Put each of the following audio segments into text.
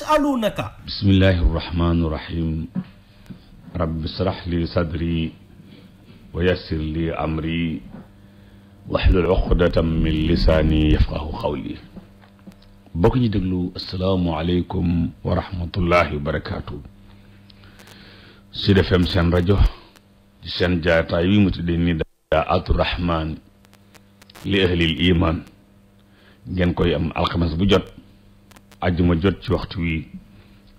yasalunaka bismillahi irrahmani irrahim rabbi israh li sadri wa yassir li amri waxlul uqdatam min lisaani yafqahu qawli bokk ñu déglu asalaamualeykum wa rahmatullahi wa barakaatu rajo seen jaataay wi mu tuddee ni daa atu rahmaan li ahlil iman ngeen koy am alxames bu jot àjjuma jot ci waxtu wi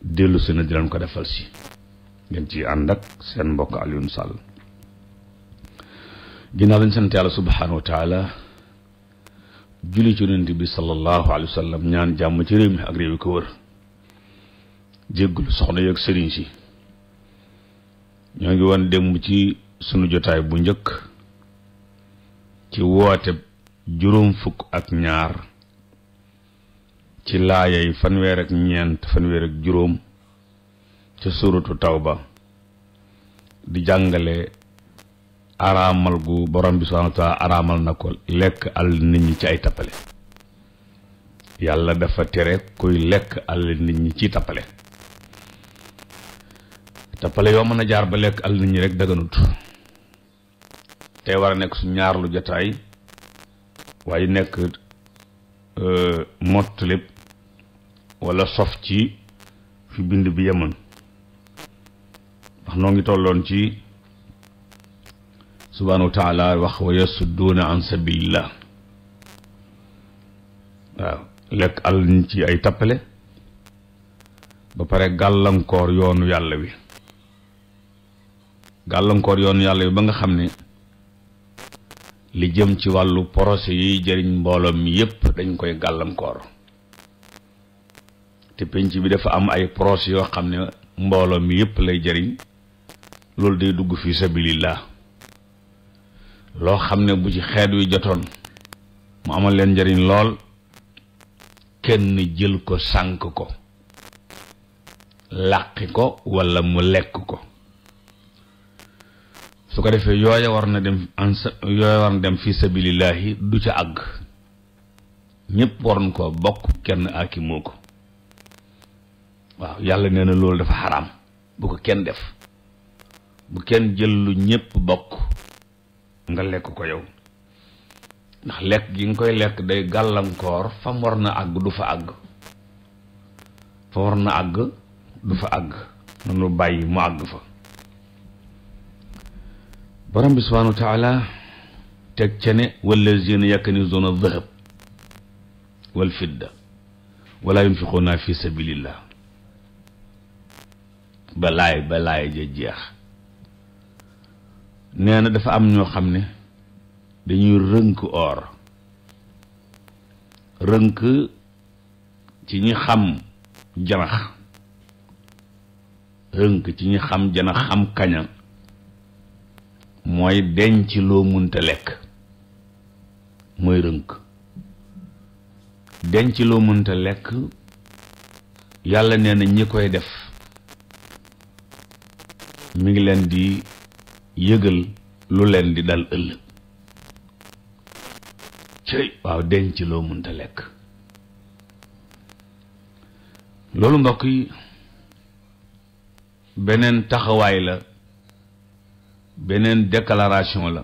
dellu si na ko defal si ngeen ci ànd ak seen mbokk Alioune Sall ginnaaw lañ sant yàlla subhaanahu julli ci yonent bi sallallahu alayhi wa sallam ñaan jàmm ci réew mi ak réew yi ko wër jéggul soxna yeeg sëriñ si ñoo ngi woon démb ci sunu jotaay bu njëkk ci woote juróom fukk ak ñaar ci laaya yi fanweer ak ñeent fanweer ak juróom ca suratu tawba di jàngale araamal gu borom bi subhaanahu wa araamal na ko lekk àll nit ñi ci ay tappale yàlla dafa tere kuy lekk àll nit ñi ci tappale tappale yoo mën a jaar ba lekk àll nit ñi rek daganut tey war a nekk su ñaarlu lu jataay waaye nekk Euh, mott lépp wala sof ci fi bind bi yemoon ndax noo ngi tolloon ci subhaanahu wa wax wa yasudduuna an sabilillah waaw lekk àll ñu ci ay tappale ba pare gàllankoor yoonu yàlla wi gàllankoor yoonu yàlla wi ba nga xam ni li jëm ci wàllu projet yuy jariñ mbooloo mi yépp dañ koy gàllankoor te penc bi dafa am ay projet yoo xam ne mbooloom mi yépp lay jariñ loolu day dugg fi sabilillah loo xam ne bu ci xeet wi jotoon mu amal leen njëriñ lool kenn jël ko sànk ko làqi ko walla mu lekk ko su ko defee yooya war na dem en yooya war na dem fi du ca àgg ñépp waroon koo bokk kenn akimoo ko waaw yàlla nee na loolu dafa xaraam bu ko kenn def bu kenn jël lu ñépp bokk nga lekk ko yow ndax lekk gi nga koy lekk day gàllankoor fam war na àgg du fa àgg fa war na àgg du fa àgg nanu bàyyi mu àgg fa borom bi subhaanahu wa taala teg ca ne wallazina yaknizuuna adh-dhahab wal fidda wala yunfiquuna fi sabilillah ba laay ba laay jeex nee na dafa am ñoo xam ne dañuy rënk or rënk ci ñi xam janax rënk ci ñi xam janax xam kaña mooy denc loo munta lekk mooy rënk denc loo munta lekk yàlla nee na ñi koy def mu ngi leen di yëgal lu leen di dal ëllëg cëy waaw denc loo munta lekk loolu mbokk yi beneen taxawaay la beneen déclaration la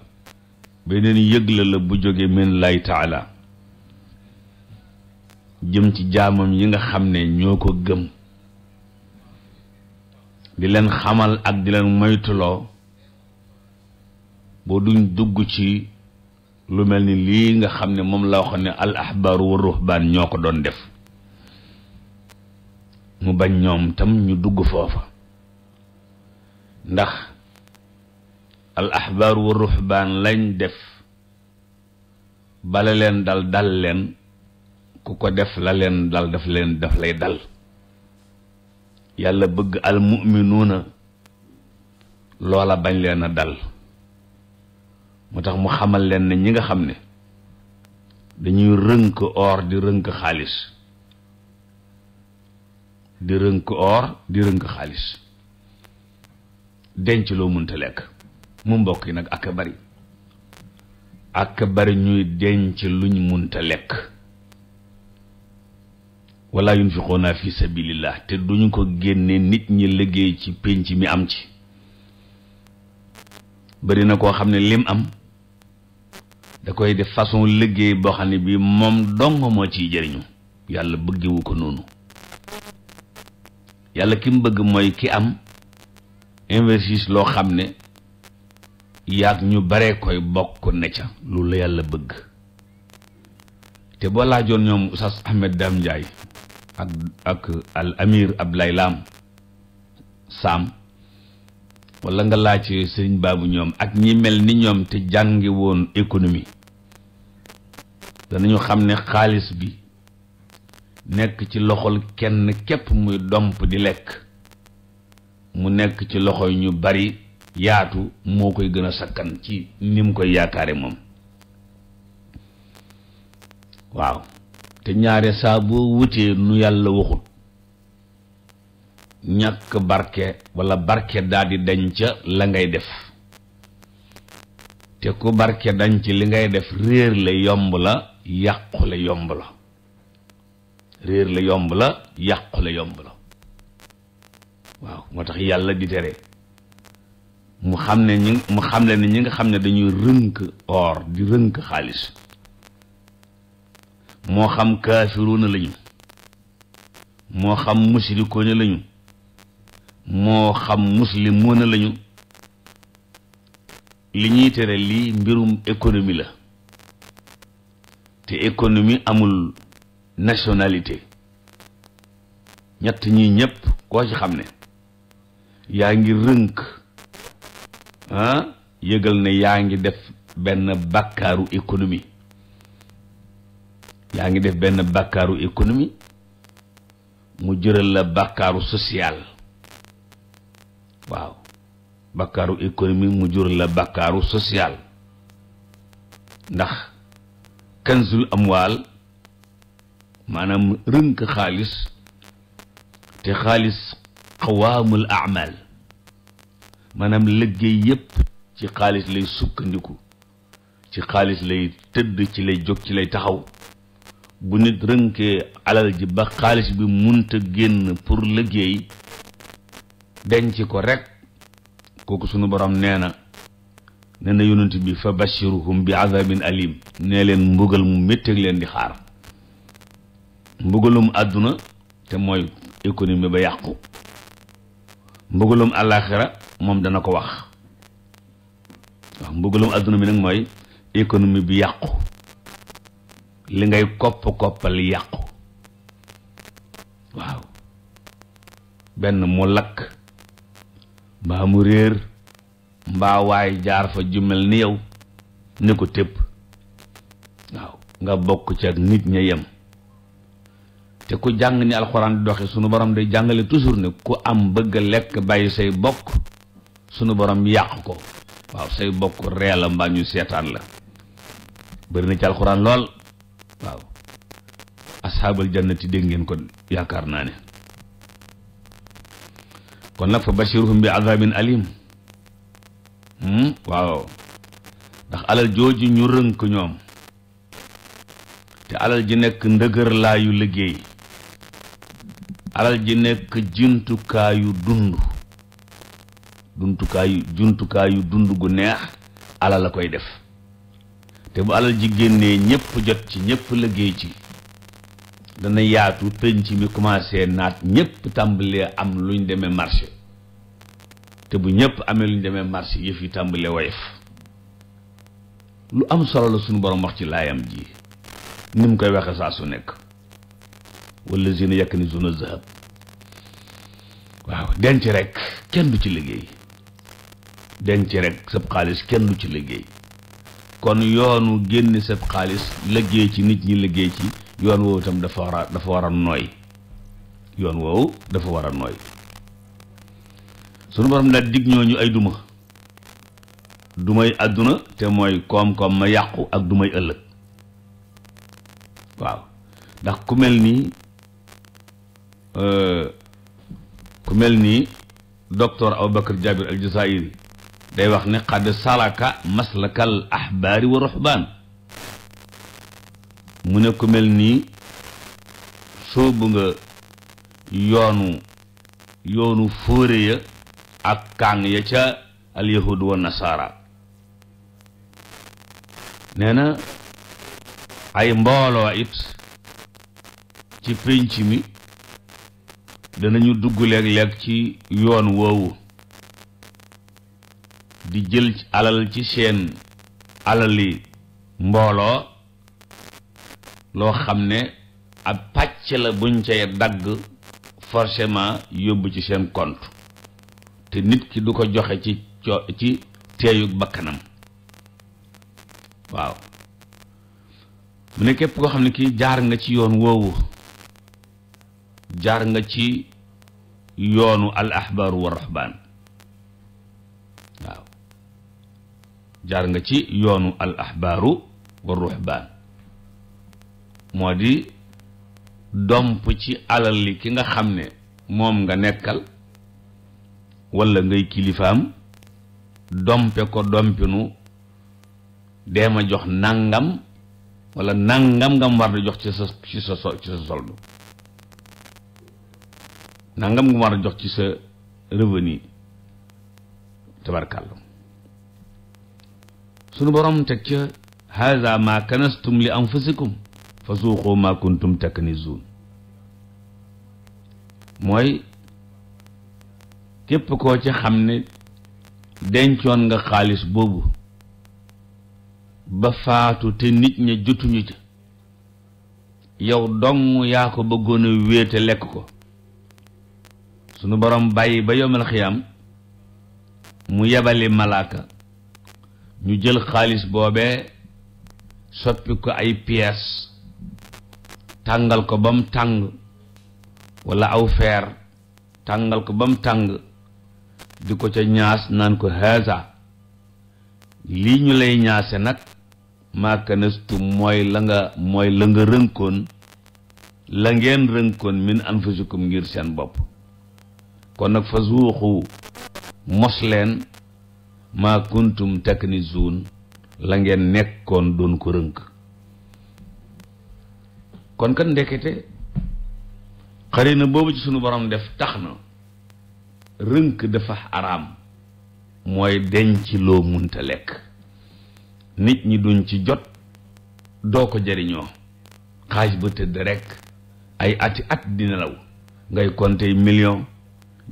beneen yëgla la bu jóge men lay taala jëm ci jaamam yi nga xam ne ñoo ko gëm di leen xamal ak di leen moytuloo boo duñ dugg ci lu mel ni lii nga xam ne moom la wax ne al ahbaaru wa ñoo ko doon def mu bañ ñoom tam ñu dugg foofa ndax al ahbaar wa ruhbaan lañ def bala leen dal dal leen ku ko def la leen dal daf leen daf lay dal yàlla bëgg al mu'minuuna loola bañ leen a dal moo tax mu xamal leen ne ñi nga xam ne dañuy rënk or di rënk xaalis di rënk or di rënk xaalis denc loo mënta lekk mu mbokk yi nag ak bari ak bari ñuy denc luñ munta lekk wala yunfiquuna fi sabilillah te duñu ko génne nit ñi liggéey ci pénc mi am ci bari na koo xam ne lim am da koy def façon liggéey boo xam ne bii moom dong moo ciy jëriñu yàlla bëggewu ko noonu yàlla ki bëgg mooy ki am investis loo xam ne yaag ñu bare koy bokk ne ca lu la yàlla bëgg te boo laajoon ñoom Oustaz Ahmed Dame Ndiaye ak ak al amir Abdoulaye Lam Sam wala nga laaj sëriñ baabu ñoom ak ñi mel ni ñoom te jàngi woon économie danañu xam ne xaalis bi nekk ci loxol kenn képp muy domp di lekk mu nekk ci loxo ñu bari yaatu moo koy gën a sakkan ci ni mu koy yaakaare moom waaw te ñaare saa boo wutee nu yàlla waxut ñàkk barke walla barke daal di dañ ca la ngay def te ku barke dañ ci li ngay def réer la yomb la yàqu la yomb la réer la yomb la yàqu yomb la waaw moo tax yàlla di tere mu xam ne ñi mu xam le ne ñi nga xam ne dañuy rënk or di rënk xaalis moo xam kaafiruuna lañu moo xam musrikuuna lañu moo xam muslimuuna lañu li ñuy tere lii mbirum économie la te économie amul nationalité ñett ñi ñëpp koo ci xam ne yaa ngi rënk yëgal ne yaa ngi def benn bàkkaaru économie yaa ngi def benn bàkkaaru économie mu jëral la bàkkaaru social waaw bàkkaaru mu jural la social ndax kanzul amwaal maanaam rënk xaalis te xaalis qawaamul amal maanaam liggéey yépp ci xaalis lay sukkandiku ci xaalis lay tëdd ci lay jóg ci lay taxaw bu nit rënkee alal ji ba xaalis bi munta génn pour liggéey ci ko rek kooku sunu borom nee na nee na yonent bi fa bashiruhum bi azabin alim nee leen mbugal mu métteeg leen di xaar mbugalum àdduna te mooy économie ba yàqu mbugalum àllaaxira moom dana ko wax waaw mbugalum adduna nag mooy économie bi yàqu li ngay kopp-koppal yàqu waaw benn mu lakk mbaa mu réer mbaa waay jaar fa jumel ni yow ni ko tépp waaw nga bokk ci ak nit ña yem te ku jàng ni alxuraan di doxe sunu borom day jàngale toujours ne ku am bëgg a lekk bàyyi say bokk sunu borom yàq ko waaw say bokk ree la seetaan la bëri na ci lool waaw asxaabal jannati dégg ngeen ko yaakaar naa ne kon nag fa bashiruhum bi azabin alim hmm? waaw ndax alal jooju ñu rënk ñoom te alal ji nekk ndëgër liggéey alal ji nekk jumtukaayu dund duntukaayu jumtukaayu dund gu neex alal la koy def te bu alal ji génnee ñëpp jot ci ñëpp liggéey ci dana yaatu penc mi commencé naat ñëpp tàmbalee am luñ demee marché te bu ñëpp amee luñ demee marché yëf yi tàmbalee woyof lu am solo la suñu borom wax ci laayam ji ni mu koy waxee saa su nekk wallazina yaknizuna zahab waaw denc rek kenn du ci liggéey denc rek sab xaalis kenn du ci liggéey kon yoonu génne sab xaalis liggéey ci nit ñi liggéey ci yoon woowu itam dafa war a nooy yoon woowu dafa war a nooy sunu borom daal dig ñooñu ay duma dumay àdduna te mooy koom-koom ma yàqu ak dumay ëllëg waaw ndax ku mel nii euh, ku mel nii docteur Aboubacar Jabir al Jazairi day wax ne xad salaka maslakal ahbaari wa ruxbaan mu ne ku mel nii soobu nga yoonu yoonu fóore ya ak kàng ya ca alyahud wa nasaara nee na ay mbooloo it ci pénc mi danañu dugg léeg-léeg ci yoon woowu di jël alal ci seen alali mbooloo loo xam ne ab pàcc la buñ cay dagg forcément yóbbu ci seen kont te nit ki du ko joxe ci co ci teeyug bakkanam waaw mu ne képp koo xam ne kii jaar nga ci yoon woowu jaar nga ci yoonu al ahbaar wa jaar nga ci yoonu al ahbaaru wa ruhbaan moo di domp ci alal li ki nga xam ne moom nga nekkal walla ngay kilifaam dompe ko dompinu dee ma jox nangam walla nangam ngam war di jox ci sa ci sa nangam nga war a jox ci sa revenu tabarkàlla sunu boroom teg ca haza ma kanastum li anfusikum fa suuqoo ma kuntum taknizuun mooy képp koo ci xam ne dencoon nga xaalis boobu ba faatu te nit ña jotuñu ca yow dong yaa ko bëggoon a wéete lekk ko sunu boroom bàyyi ba yomal xiyam mu yebale malaaka ñu jël xaalis boobee soppi ko ay pièces tàngal ko ba tàng walla aw feer tàngal ko ba mu tàng di ko ca ñaas naan ko haasa lii ñu lay ñaase nag maakanastu mooy la nga mooy la nga rënkoon la ngeen rënkoon min anfusikum ngir seen bopp kon nag fa zuuxu mos leen maa kuntum taknizuun la ngeen nekkoon doon ko rënk kon kat ndekete na boobu ci sunu borom def tax na rënk dafa araam mooy deñ ci loo munta lekk nit ñi duñ ci jot doo ko jariñoo xaaj ba tëdd rekk ay ati at di nelaw ngay compter million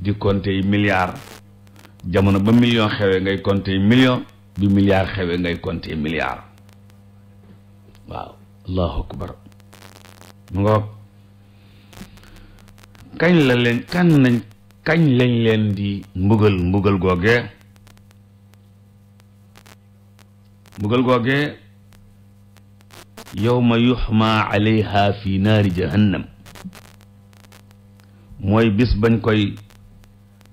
di compter milliard jamono ba million xewee ngay compter million bi milliard xewee ngay compter milliard waaw allahu akbar mu nga kañ la leen kañ lañ leen di mbugal mbugal googee mbugal googee yowma yuxma alayha fi naari jahannam mooy bis bañ koy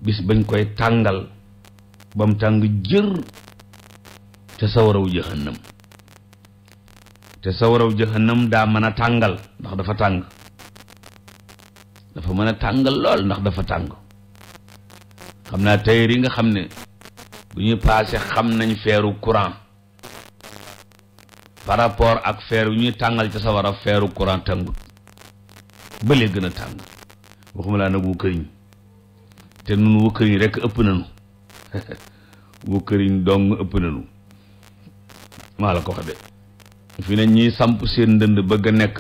bis bañ koy tàngal ba mu tàng jër te sawaraw jahannam te sawaraw jahannam daa mën a tàngal ndax dafa tàng dafa mën a tàngal lool ndax dafa tàng xam naa tayër yi nga xam ne bu ñuy paase xam nañ feeru courant par rapport ak feer yu ñuy tàngal ca sawara feeru courant tàngut ba léegi gën a tàng waxuma laa nag wu te nun wu rekk ëpp nañu wu këriñ dong ëpp nañu maa la ko wax fi ne ñuy samp seen ndënd bëgg a nekk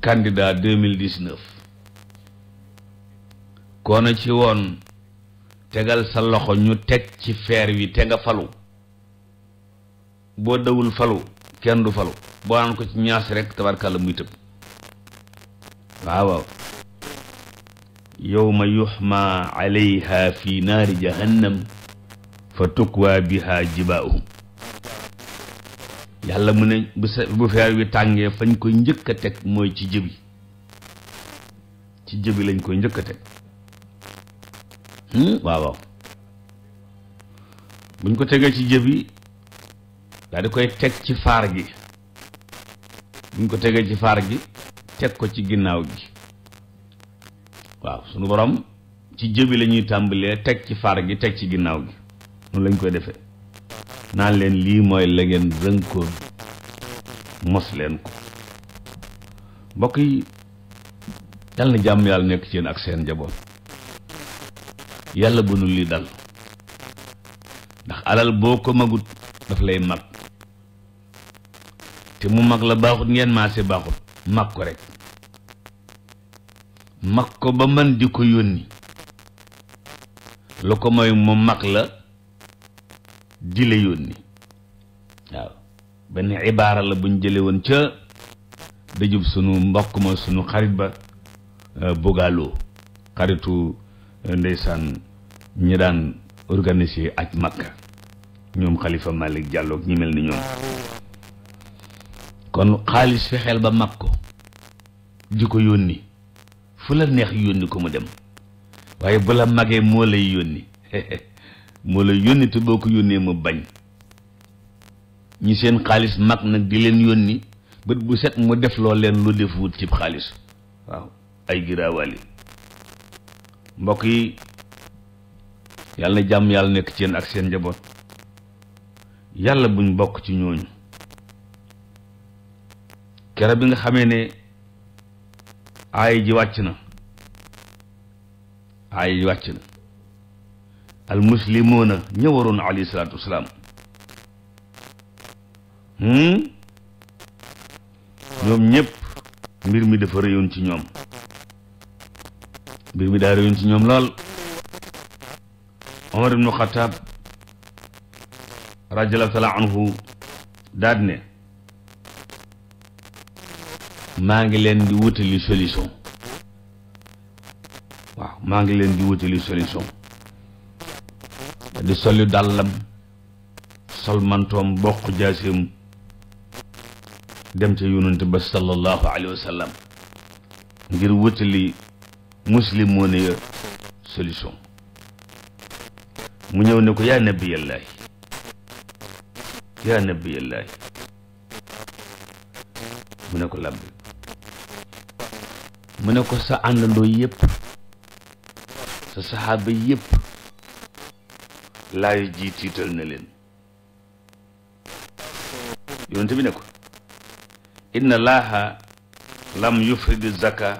candidat deux mille dix neuf koona ci woon tegal sa loxo ñu teg ci feer wi te nga falu boo dawul falu kenn du falu boo naan ko ci ñaas rek tabarkàlla muy tëb waaw waaw yowma yuxma alayha fi naari jahannam fa tukkuwaa biha jibaahum yàlla mu ne bu se bu feer wi tàngee fañ koy njëkk a teg mooy ci jëbi ci jëbi lañ koy njëkk a teg hmm? waaw waaw buñ ko tegee ci jëbi daal koy teg ci faar gi buñ ko tegee ci faar gi teg ko ci ginnaaw gi waaw sunu borom ci jëbi la ñuy tàmbalee teg ci faar gi teg ci ginnaaw gi noonu lañ koy defee naan leen lii mooy la ngeen rënkoon mos leen ko mbokk yi yàlla na jàmm yàlla nekk ci yéen ak seen njaboot yàlla bu nu lii dal ndax alal boo ko magut daf lay mag te mu mag la baaxut ngeen maase baaxut mag ko rek mag ko ba man di ko yónni lu ko mooy mu mag la di la yónni waaw benn ibaara la buñ jële woon ca dëjub sunu mbokk ma sunu xarit ba euh, bugaaloo xaritu euh, ndeysaan ñi daan organiser aj makka ñoom xalifa malik jàlloog ñi mel ni ñoom kon xaalis fexeel ba mag ko di ko yónni fu la neex yónni ko mu dem waaye bu la magee moo lay yónni moo la yónni te boo ko yónnee ma bañ ñi seen xaalis mag nag di leen yónni bët bu set mu def loo leen lu defuwut ci xaalis waaw ay giraawaali mbokk yi yàlla jàmm yàlla nekk ci yéen ak seen njaboot yàlla buñ bokk ci ñooñu kere bi nga xamee ne aay ji wàcc na aay ji wàcc na al muslimuuna ña waroon alayhi salaatu wasalaam hmm? ñoom ñëpp mbir mi dafa réyoon ci ñoom mbir mi daa réyoon ci ñoom lool Omar ibnu Xataab radiallahu taala anhu daat ne maa ngi leen di wutali solution waaw maa ngi leen di wutali solution di soli dàllam sol mantoom bokk jaasim dem ca yonent ba sallallahu alayhi wa sallam ngir wutali muslimoone ya solution mu ñëw ne ko yaa nabiyallaahi yaa nabiyallaahi mu ne ko làmb mu ne ko sa àndandoo yëpp sa saxaaba yëpp laay ji tiital na leen yonent bi ne ko inna laaha lam yufridi zaka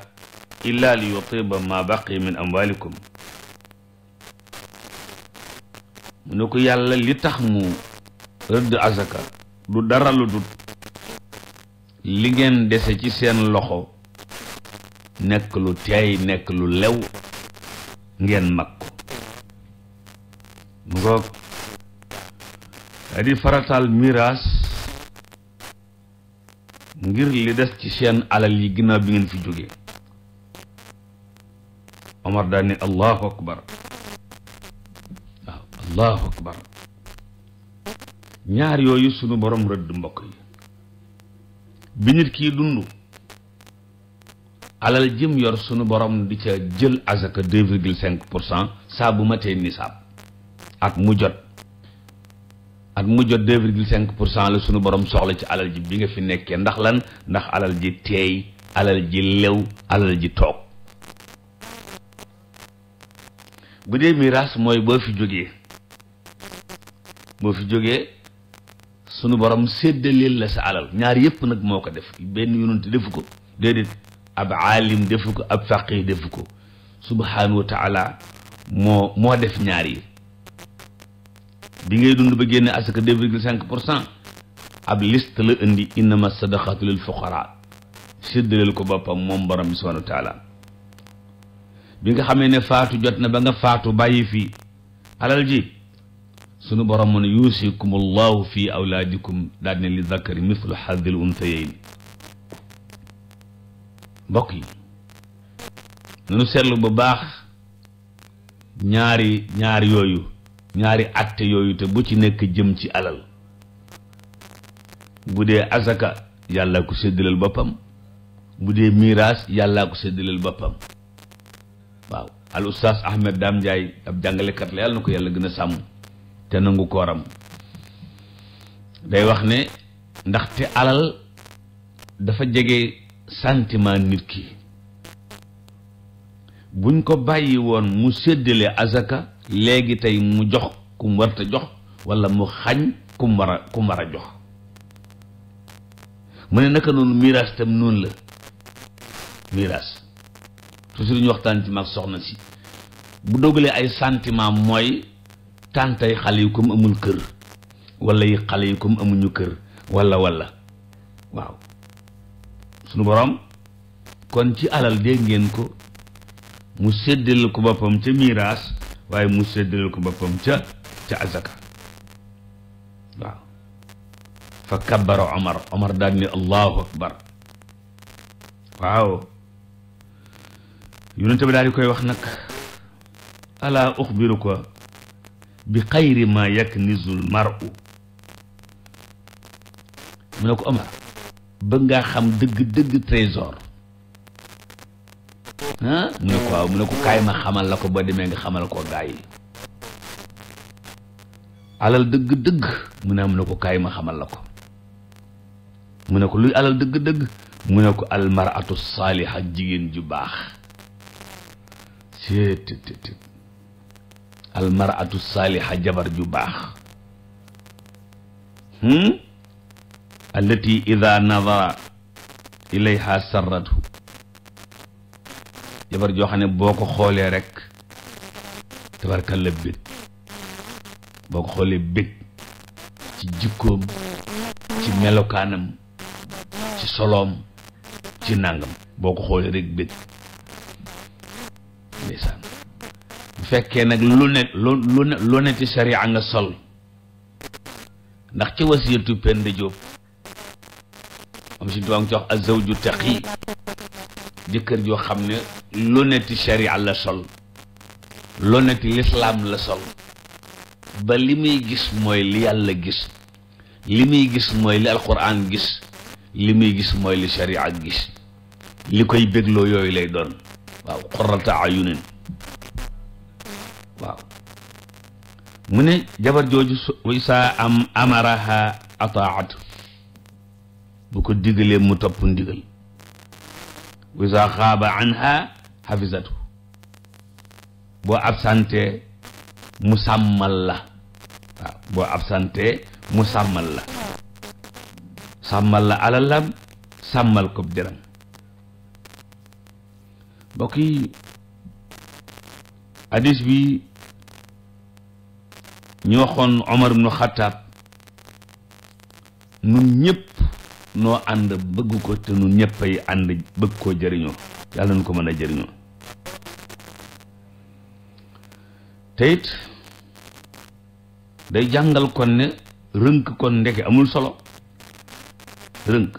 illa li yutiba ma baqi min amwalikum mu ne ko yàlla li tax mu rëdd azaka du dara lu dul li ngeen dese ci seen loxo nekk lu teey nekk lu lew ngeen mag mu ngoog ngir li des ci seen alal yi ginnaaw bi ngeen fi jóge Omar daa allahu akbar waaw allahu akbar ñaar yooyu sunu borom rëdd mbokk yi bi nit kii dund alal jëm yor sunu borom di ca jël azaka deux virgule cinq pour cent saa bu matee nisaab ak mu jot ak mu jot deux virgule pour cent la sunu borom soxla ci alal ji bi nga fi nekkee ndax lan ndax alal ji teey alal ji lew alal ji toog bu dee miraas mooy boo fi jógee boo fi jógee sunu borom séddaleel la sa alal ñaar yépp nag moo ko def benn yonent defu ko déedéet ab aalim defu ko ab faqih defu ko subhaanahu wa taala moo moo def ñaar yi bi ngay dund ba génne asaka deux virgule cinq pour cent ab liste la indi innama sadaqatu lil fuqara séddaleel ko boppam moom borom bi subhanahu wa bi nga xamee ne faatu jot na ba nga faatu bàyyi fii alal ji sunu borom mu ne yuusikum allahu fi awlaadikum daal ne li zakari mithlu xadil untayeyn mbokk yi nanu seetlu bu baax ñaari ñaari yooyu ñaari atte yooyu te bu ci nekk jëm ci alal bu dee azaka yàllaa ko séddaleel boppam bu dee miraas yàllaa ko séddalal boppam waaw al ustaas Ahmed Dame Ndiaye ab jàngalekat la yàlla na ko yàlla gën a sàmm te nangu kooram day wax ne ndaxte alal dafa jege sentiment nit ki buñ ko bàyyi woon mu séddale azaka léegi tey mu jox ku mu warta jox wala mu xañ ku mu war a ku war a jox mu ne naka noonu miraas tam noonu la miraas toujours ñu waxtaan ci mag soxna si bu dogalee ay santiment mooy tàntay xale yu comme amul kër wala yi xale yu comme amuñu kër wala wala waaw sunu kon ci alal dégg ngeen ko mu séddal ku boppam ca miraas waaye mu séddale ko boppam ca ca azaka waaw fa kabbara omar omar daal ni allahu akbar waaw yonente bi daal di koy wax nag alaa uxbiruka bi xayri ma yaknizul mar'u mu ne ko omar bëgg ngaa xam dëgg dëgg trésor mu ne ko waaw mu ne ko kaay ma xamal la ko ba demee nga xamal ko gaa yi alal dëgg-dëgg mu ne mu ne ko kaay ma xamal la ko mu ne ko luy alal dëgg-dëgg mu ne ko almaratu saaliha jigéen ju baax seet tit almaratu saaliha jabar ju baax hmm? allati ida nadara ilayha sarratu jabar joo xam ne boo ko xoolee rek tabarkalla bég boo ko xoolee bég ci jikkoom ci melokaanam ci soloom ci nàngam boo ko xoolee rek bég bu fekkee nag lu ne lu lu ne lu ne ci sariya nga sol ndax ci wasiyatu Penda Jóob am si tubaab nga ci wax azawju taqi jëkkër joo xam ne luneti sharia la sol luneti lislaam la sol ba li muy gis mooy li yàlla gis li muy gis mooy li alquran gis li muy gis mooy li sharia gis li koy bégloo yooyu lay doon waaw qurrata mu ne jabar jooju saa am amaraha ataat bu ko digalee mu topp ndigal wa isa xaaba anha hafizatu boo absente mu sàmmal la waaw boo absente mu sàmmal la sàmmal la alalam sàmmal ko deram mbokk yi hadis bi ñu waxoon Omar ibnu Xattaab nun ñëpp noo ànd bëgg ko te nu ñëpp ànd bëgg koo jëriñoo yàlla nu ko mën a jëriñoo te day jàngal kon ne rënk kon ndeke amul solo rënk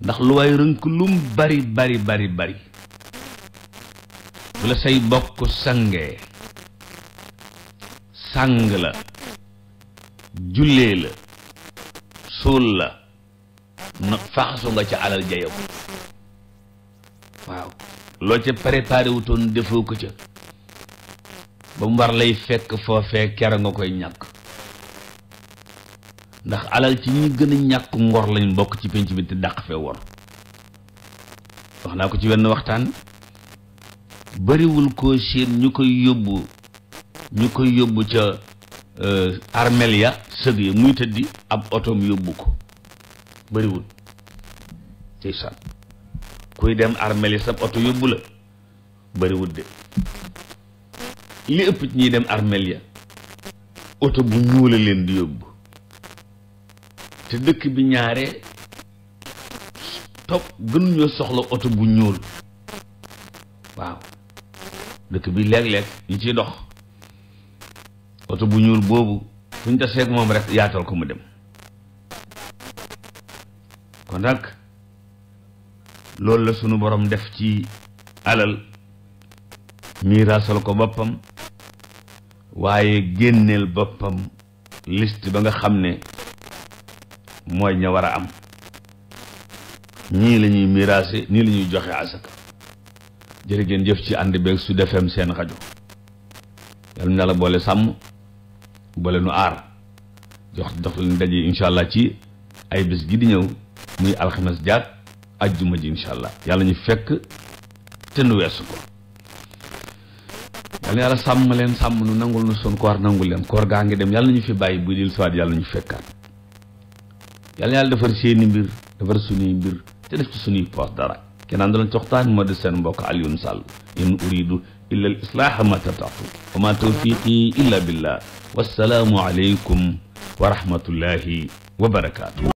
ndax lu waay rënk lum bari bari bari bu la say bokk sangee sàng la jullee la suul la na faxasu nga ca alal ja waaw loo ca préparé wutoon defoo ko ca ba mu war lay fekk foofee kera nga koy ñàkk ndax alal ci ñi gën ñàkk ngor lañu bokk ci penc bi te dàq fee wor wax naa ko ci wenn waxtaan bariwul koo seen ñu koy yóbbu ñu koy yóbbu ca euh, armel ya sëg ya muy tëddi ab otoom yóbbu ko bariwul ndeysaan kuy dem armeli sab oto yóbbu la bariwut de li ëpp ci ñuy dem armeel ya oto bu ñuula leen di yóbbu te dëkk bi ñaare topp gënuñoo soxla oto bu ñuul waaw dëkk bi léeg-léeg ñu ciy dox oto bu ñuul boobu fu ñu taseeg moom rek yaatal ko mu dem kon nag loolu la sunu boroom def ci alal miiraasal ko boppam waaye génneel boppam liste ba nga xam ne mooy ña war a am ñii la ñuy nii lañuy joxe asaka jërë ngeen jëf ci ànd beeg su FM seen rajo yal na la boole sàmm boole nu aar jox jox leen daje incha allah ci ay bés gi di ñëw muy alxames jaat ajjuma ji incha allah yàlla ñu fekk te nu weesu ko yàlla yàlla sàmm leen sàmm nu nangul nu sun koor nangul leen koor gaa ngi dem yàlla ñu fi bàyyi bu dil siwaat yàlla ñu fekkaat yàlla yàlla defar seeni mbir defar suñuy mbir te def ci suñuy poos dara kenn àndaloon ci waxtaan moo di seen mbokk Alioune Sall in uridu illa al islaaha ma tatatu wa ma tawfiqi illa billah wassalaamu aleykum wa rahmatullahi wa barakaatu